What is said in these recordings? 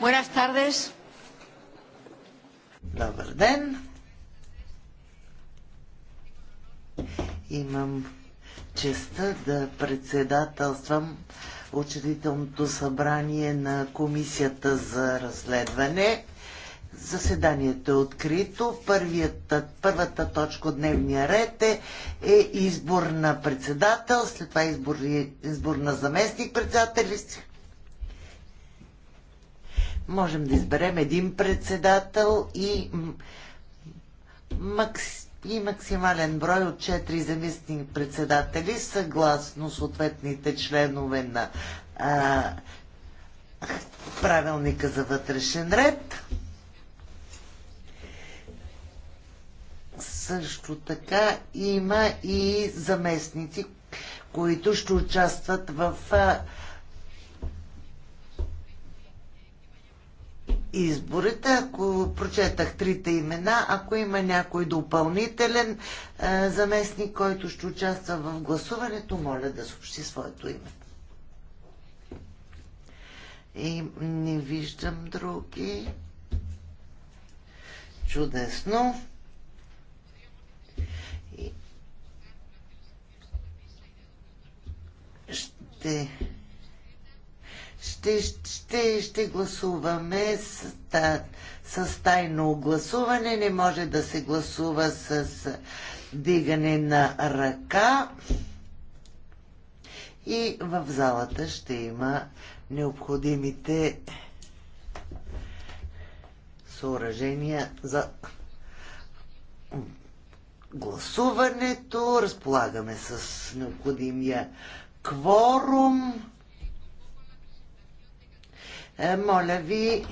Buenas tardes. Добър ден. Имам честа да председателствам учредителното събрание на Комисията за разследване. Заседанието е открито. Първият, първата точка от дневния ред е, е избор на председател, след това избор, избор на заместник председатели. Можем да изберем един председател и, макс, и максимален брой от 4 заместник председатели, съгласно съответните членове на а, правилника за вътрешен ред. също така има и заместници, които ще участват в изборите. Ако прочетах трите имена, ако има някой допълнителен заместник, който ще участва в гласуването, моля да съобщи своето име. И не виждам други. Чудесно. ще ще, ще, ще гласуваме с, та, с тайно гласуване. Не може да се гласува с дигане на ръка. И в залата ще има необходимите съоръжения за гласуването. Разполагаме с необходимия кворум. Е, моля ви,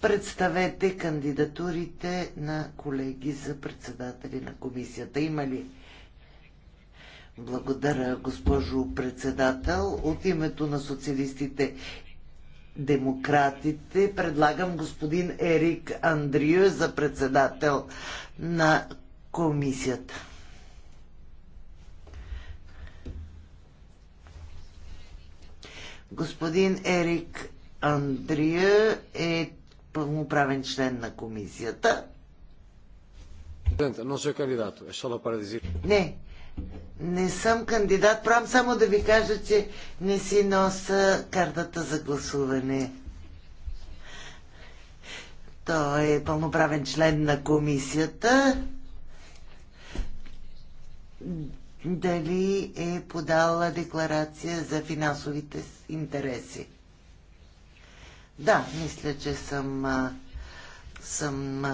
представете кандидатурите на колеги за председатели на комисията. Има ли? Благодаря, госпожо председател. От името на социалистите демократите предлагам господин Ерик Андрио за председател на комисията. Господин Ерик Андрия е пълноправен член на комисията. но се е кандидат. Е, не, не съм кандидат. Прам само да ви кажа, че не си носа картата за гласуване. Той е пълноправен член на комисията дали е подала декларация за финансовите интереси. Да, мисля, че съм, съм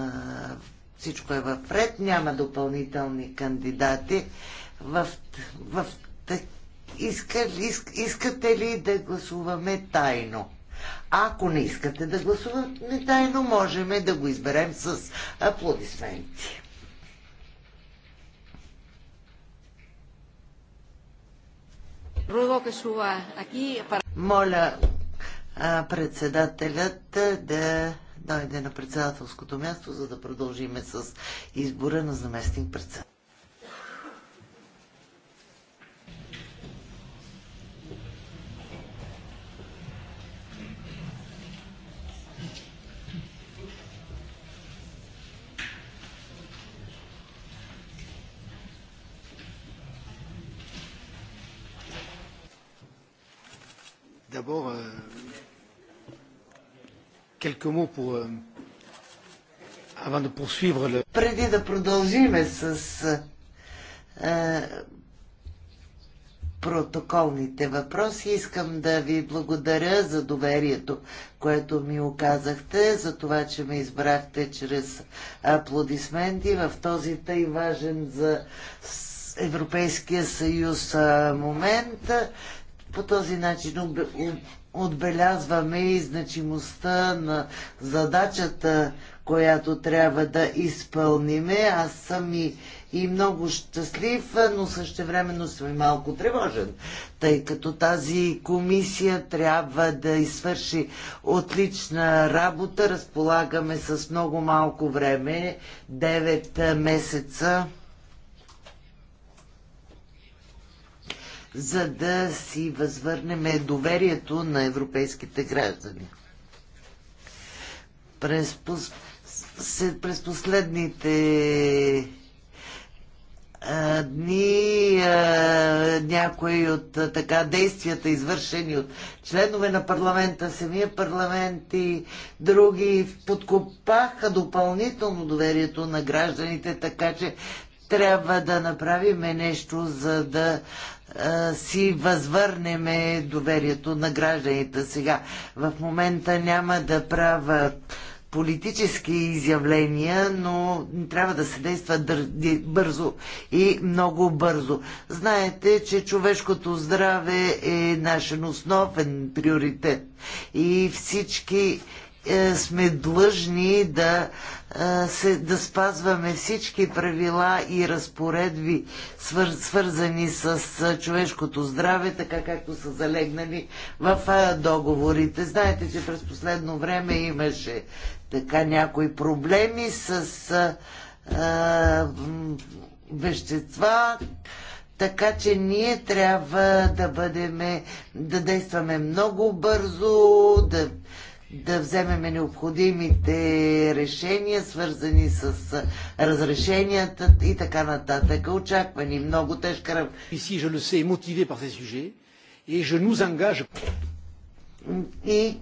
всичко е в ред, няма допълнителни кандидати. В, в, иска, иск, искате ли да гласуваме тайно? Ако не искате да гласуваме тайно, можем да го изберем с аплодисменти. Моля председателят да дойде на председателското място, за да продължиме с избора на заместник председател. Euh, Преди да продължиме с е, е, протоколните въпроси, искам да ви благодаря за доверието, което ми оказахте, за това, че ме избрахте чрез аплодисменти в този тъй важен за Европейския съюз момент. По този начин отбелязваме и значимостта на задачата, която трябва да изпълниме. Аз съм и, и много щастлив, но също времено съм и малко тревожен, тъй като тази комисия трябва да извърши отлична работа. Разполагаме с много малко време, 9 месеца за да си възвърнем доверието на европейските граждани. През, през последните дни някои от така действията, извършени от членове на парламента, самия парламент и други, подкопаха допълнително доверието на гражданите, така че трябва да направим нещо, за да а, си възвърнеме доверието на гражданите. Сега, в момента няма да правя политически изявления, но трябва да се действа бързо и много бързо. Знаете, че човешкото здраве е нашен основен приоритет и всички е, сме длъжни да, е, се, да спазваме всички правила и разпоредби, свър, свързани с е, човешкото здраве, така както са залегнали в договорите. Знаете, че през последно време имаше така някои проблеми с а, вещества, така че ние трябва да бъдем, да действаме много бързо, да да вземем необходимите решения, свързани с разрешенията и така нататък. Очаква ни много тежка работа. et je nous engage... И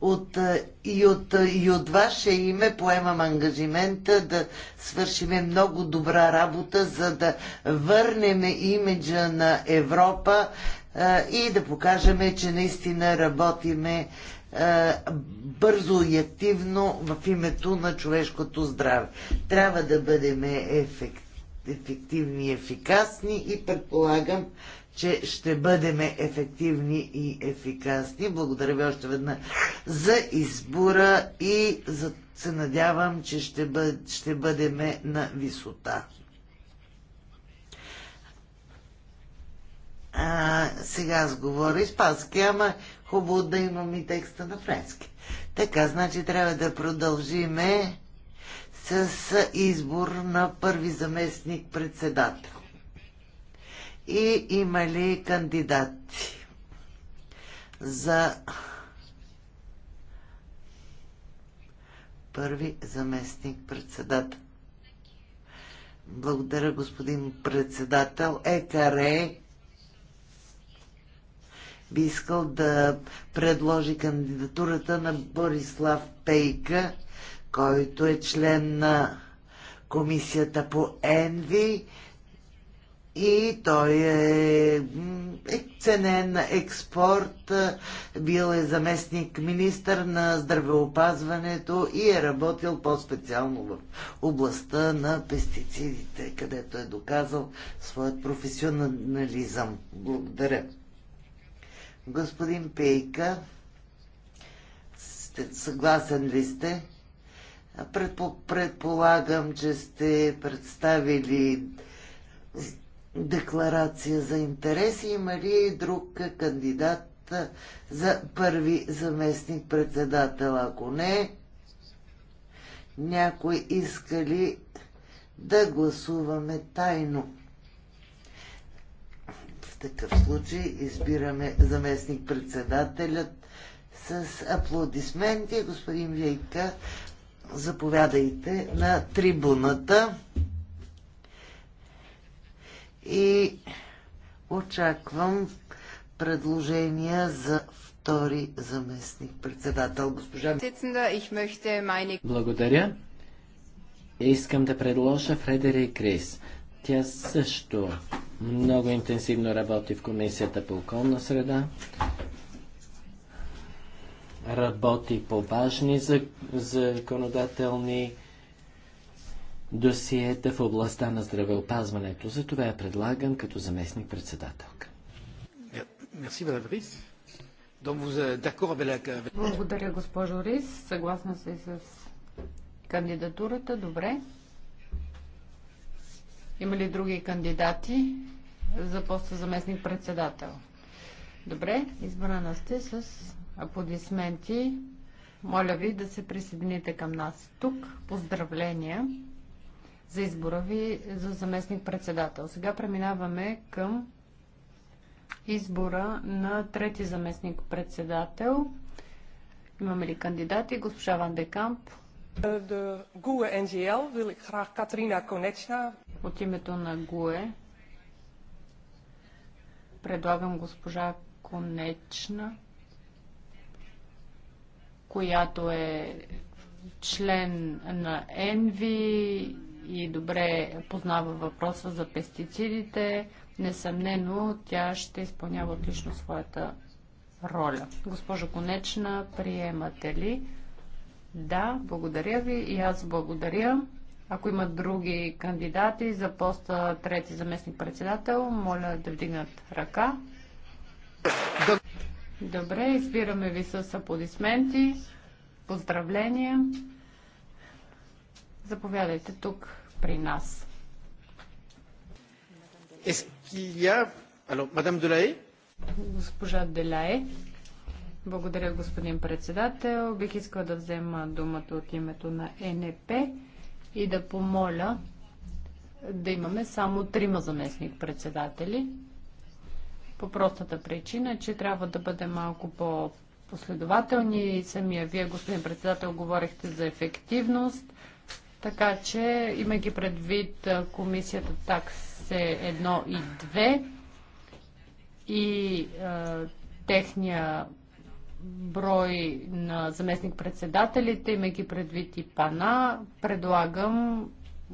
от, и, от, и от ваше име поемам ангажимента да свършим много добра работа, за да върнем имиджа на Европа и да покажем, че наистина работиме бързо и активно в името на човешкото здраве. Трябва да бъдем ефективни и ефикасни и предполагам, че ще бъдем ефективни и ефикасни. Благодаря ви още веднъж за избора и за, се надявам, че ще, бъд, ще бъдем на висота. А, сега аз говоря испански, ама хубаво да имам и текста на френски. Така, значи трябва да продължиме с избор на първи заместник председател. И има ли кандидати за първи заместник председател? Благодаря, господин председател. Екаре би искал да предложи кандидатурата на Борислав Пейка, който е член на комисията по ЕНВИ и той е, е ценен експорт, бил е заместник министър на здравеопазването и е работил по-специално в областта на пестицидите, където е доказал своят професионализъм. Благодаря. Господин Пейка, съгласен ли сте? Предполагам, че сте представили декларация за интереси. Има ли друг кандидат за първи заместник председател? Ако не, някой иска ли да гласуваме тайно? такъв случай избираме заместник-председателят с аплодисменти. Господин Вейка, заповядайте на трибуната и очаквам предложения за втори заместник председател госпожа. Благодаря. Искам да предложа Фредерик Крис. Тя също много интенсивно работи в Комисията по околна среда. Работи по важни законодателни досиета в областта на здравеопазването. За това я предлагам като заместник председателка. Е, Благодаря, госпожо Рис. Съгласна се с кандидатурата. Добре. Има ли други кандидати за поста заместник председател? Добре, избрана сте с аплодисменти. Моля ви да се присъедините към нас тук. Поздравления за избора ви за заместник председател. Сега преминаваме към избора на трети заместник председател. Имаме ли кандидати? Госпожа Ван Декамп. De NGL wil ik graag Katrina Konechna от името на ГУЕ предлагам госпожа Конечна, която е член на ЕНВИ и добре познава въпроса за пестицидите. Несъмнено, тя ще изпълнява отлично своята роля. Госпожо Конечна, приемате ли? Да, благодаря ви и аз благодаря. Ако има други кандидати за поста трети заместник председател, моля да вдигнат ръка. Добре, избираме ви с аплодисменти. Поздравления. Заповядайте тук при нас. Госпожа Делае. Благодаря, господин председател. Бих искала да взема думата от името на НП и да помоля да имаме само трима заместник председатели. По простата причина, че трябва да бъде малко по-последователни. и Самия вие, господин председател, говорихте за ефективност. Така че, имайки предвид комисията се 1 и 2 и е, техния брой на заместник-председателите, имайки предвид и пана, предлагам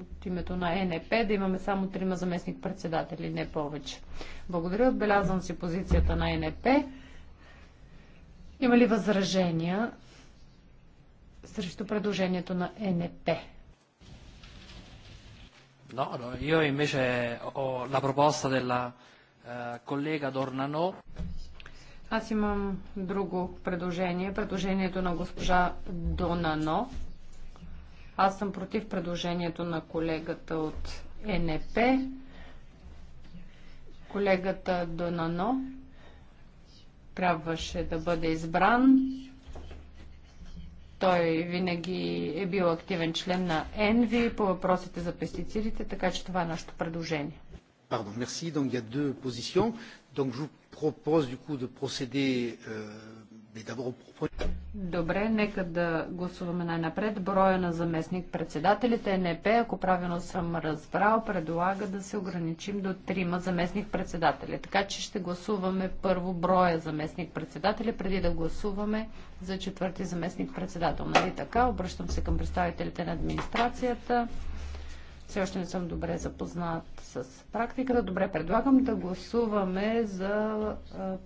от името на НП да имаме само трима заместник-председатели, не повече. Благодаря, отбелязвам си позицията на НП. Има ли възражения срещу предложението на НП? No, no, io invece ho la proposta della uh, collega Dornano. Аз имам друго предложение. Предложението на госпожа Донано. Аз съм против предложението на колегата от НП. Колегата Донано трябваше да бъде избран. Той винаги е бил активен член на ЕНВИ по въпросите за пестицидите, така че това е нашето предложение. Pardon, merci. Donc il y a deux positions. Donc je vous propose du coup de procéder euh, mais d'abord au Добре, нека да гласуваме най-напред броя на заместник председателите. НП, ако правилно съм разбрал, предлага да се ограничим до трима заместник председатели. Така че ще гласуваме първо броя заместник председатели, преди да гласуваме за четвърти заместник председател. Нали така? Обръщам се към представителите на администрацията. Все още не съм добре запознат с практиката. Добре, предлагам да гласуваме за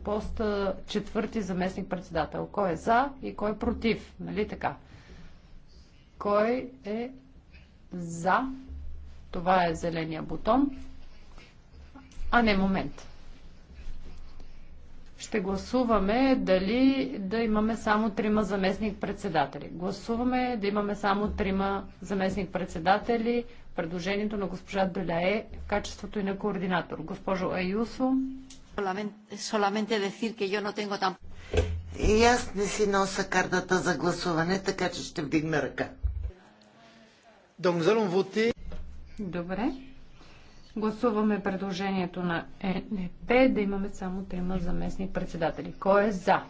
поста четвърти заместник председател. Кой е за и кой е против? Нали така? Кой е за? Това е зеления бутон. А не, момент ще гласуваме дали да имаме само трима заместник-председатели. Гласуваме да имаме само трима заместник-председатели предложението на госпожа Беляе в качеството и на координатор. Госпожо Аюсо. И аз не си носа картата за гласуване, така че ще вдигна ръка. Добре. Гласуваме предложението на ЕНП да имаме само трима заместник председатели. Кой е за?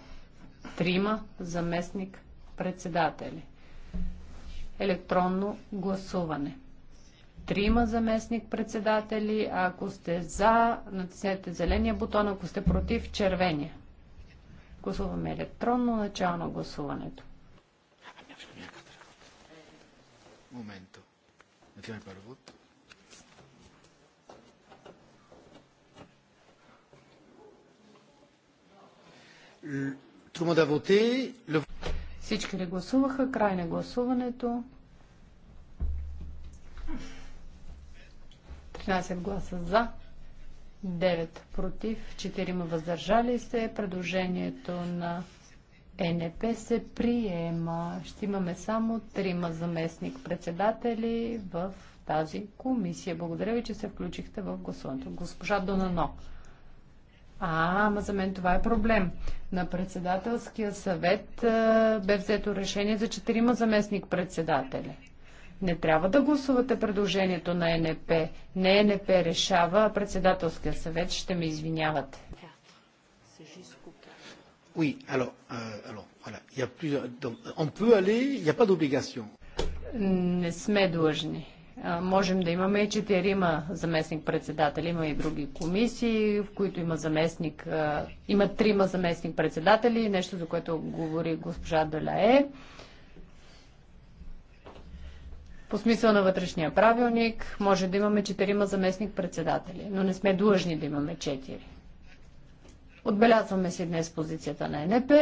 Трима заместник председатели. Електронно гласуване трима заместник председатели. Ако сте за, натиснете зеления бутон. Ако сте против, червения. Гласуваме електронно начало на гласуването. Всички ли гласуваха? Край на гласуването. 13 гласа за, 9 против, 4 въздържали се. Предложението на ЕНП се приема. Ще имаме само 3 заместник председатели в тази комисия. Благодаря ви, че се включихте в гласуването. Госпожа Донано. А, ама за мен това е проблем. На председателския съвет а, е, бе взето решение за четирима заместник председатели. Не трябва да гласувате предложението на НП. Не НП решава, а председателския съвет ще ме извинявате. Oui, alors, euh, alors voilà, il y a plusieurs. Donc, on peut aller, il n'y a pas d'obligation. Не сме длъжни. Можем да имаме и четирима заместник-председатели, има и други комисии, в които има заместник, има трима заместник-председатели, нещо за което говори госпожа Даляе. По смисъл на вътрешния правилник може да имаме четирима заместник-председатели, но не сме длъжни да имаме четири. Отбелязваме си днес позицията на НП.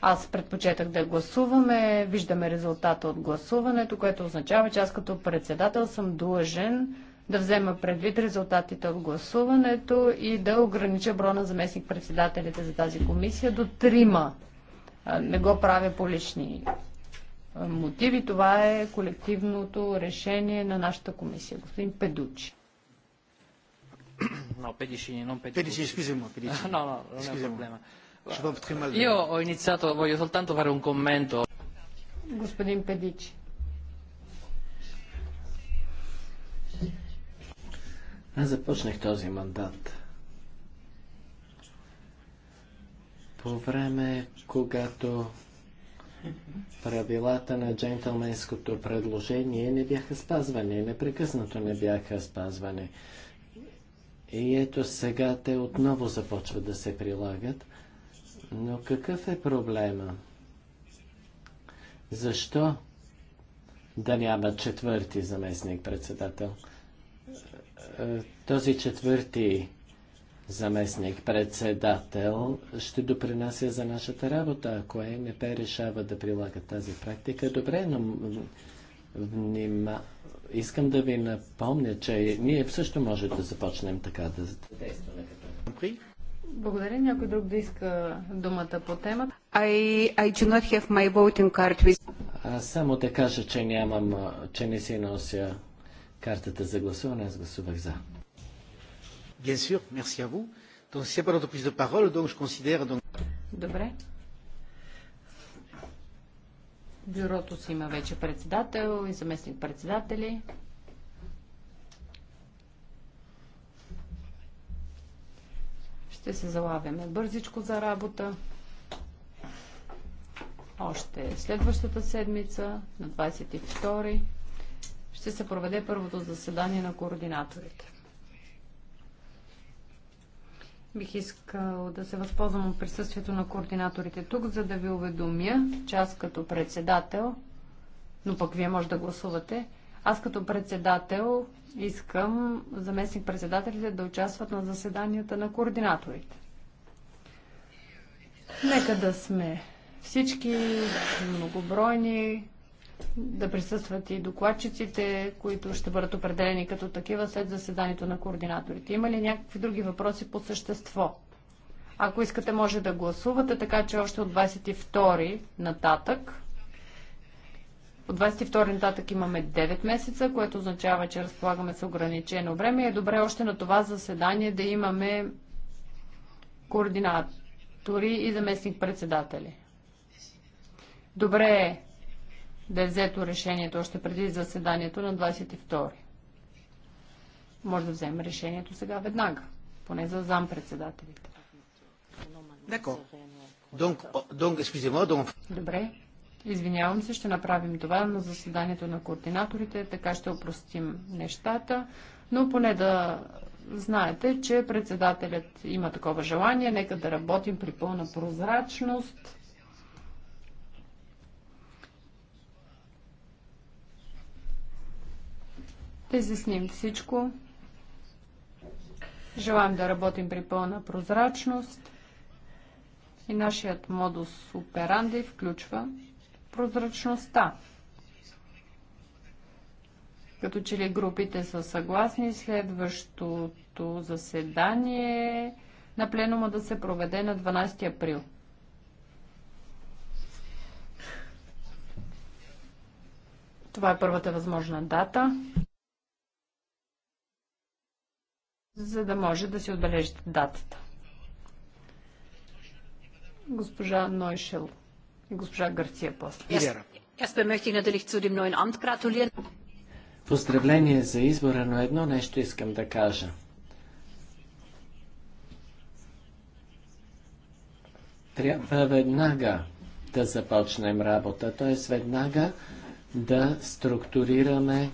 Аз предпочетах да гласуваме, виждаме резултата от гласуването, което означава, че аз като председател съм длъжен да взема предвид резултатите от гласуването и да огранича броя на заместник-председателите за тази комисия до трима. Не го правя по лични мотиви. Това е колективното решение на нашата комисия. Господин Педучи. Господин Педичи. Аз започнах този мандат по време, когато правилата на джентълменското предложение не бяха спазвани, непрекъснато не бяха спазвани. И ето сега те отново започват да се прилагат. Но какъв е проблема? Защо да няма четвърти заместник председател? Е, е, този четвърти заместник-председател ще допринася за нашата работа. Ако ЕНП решава да прилага тази практика, добре, но внима... искам да ви напомня, че ние също може да започнем така да действаме. Благодаря. Някой друг да иска думата по темата? I, I do not have my voting card with... А, само да кажа, че нямам, че не си нося картата за гласуване. Аз гласувах за. Bien sûr, merci à vous. Donc, s'il n'y a pas de parole, donc je considère donc... Добре. Бюрото си има вече председател и заместник председатели. Ще се залавяме бързичко за работа. Още следващата седмица, на 22 ще се проведе първото заседание на координаторите. Бих искал да се възползвам от присъствието на координаторите тук, за да ви уведомя, че аз като председател, но пък вие може да гласувате, аз като председател искам заместник-председателите да участват на заседанията на координаторите. Нека да сме всички многобройни, да присъстват и докладчиците, които ще бъдат определени като такива след заседанието на координаторите. Има ли някакви други въпроси по същество? Ако искате, може да гласувате, така че още от 22 нататък. От 22 нататък имаме 9 месеца, което означава, че разполагаме с ограничено време. И е добре още на това заседание да имаме координатори и заместник председатели. Добре е да е взето решението още преди заседанието на 22. Може да вземем решението сега веднага, поне за зампредседателите. Добре. Извинявам се, ще направим това на заседанието на координаторите, така ще опростим нещата, но поне да знаете, че председателят има такова желание, нека да работим при пълна прозрачност изясним всичко. Желаем да работим при пълна прозрачност и нашият модус операнди включва прозрачността. Като че ли групите са съгласни, следващото заседание на пленума да се проведе на 12 април. Това е първата възможна дата. за да може да си отбележите датата. Госпожа Нойшел и госпожа Гарция после. Поздравление за избора, но едно нещо искам да кажа. Трябва веднага да започнем работа, т.е. веднага да структурираме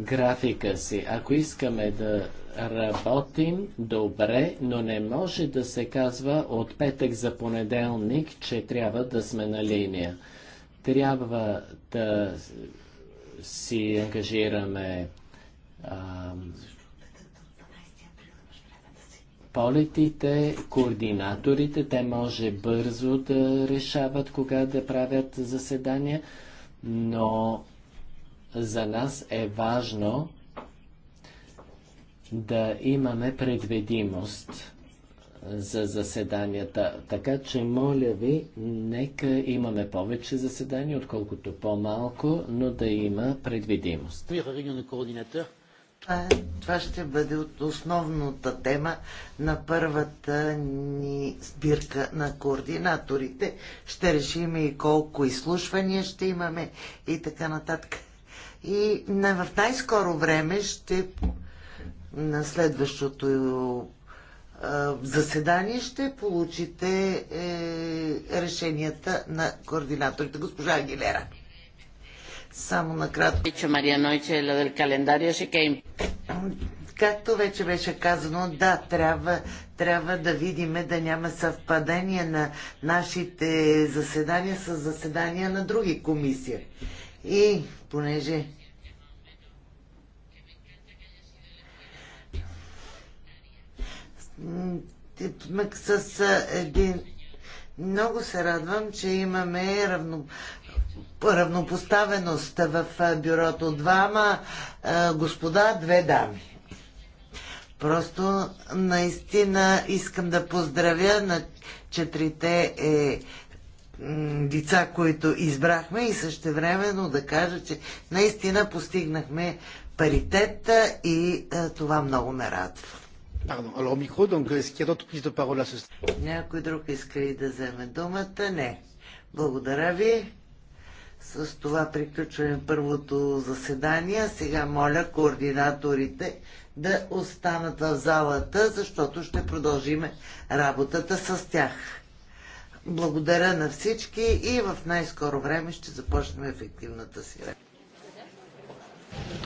графика си. Ако искаме да Работим добре, но не може да се казва от петък за понеделник, че трябва да сме на линия. Трябва да си ангажираме а, полетите, координаторите, те може бързо да решават кога да правят заседания, но за нас е важно да имаме предвидимост за заседанията. Така че, моля ви, нека имаме повече заседания, отколкото по-малко, но да има предвидимост. Това ще бъде от основната тема на първата ни сбирка на координаторите. Ще решим и колко изслушвания ще имаме и така нататък. И в най-скоро време ще на следващото е, заседание ще получите е, решенията на координаторите. Госпожа Агилера. Само накратко. Както вече беше казано, да, трябва, трябва да видим да няма съвпадение на нашите заседания с заседания на други комисии. И понеже с един... Много се радвам, че имаме равно, равнопоставеност в бюрото. Двама господа, две дами. Просто наистина искам да поздравя на четирите е, деца, които избрахме и също времено да кажа, че наистина постигнахме паритета и е, това много ме радва. Някой друг иска ли да вземе думата? Не. Благодаря ви. С това приключваме първото заседание. Сега моля координаторите да останат в залата, защото ще продължим работата с тях. Благодаря на всички и в най-скоро време ще започнем ефективната си работа.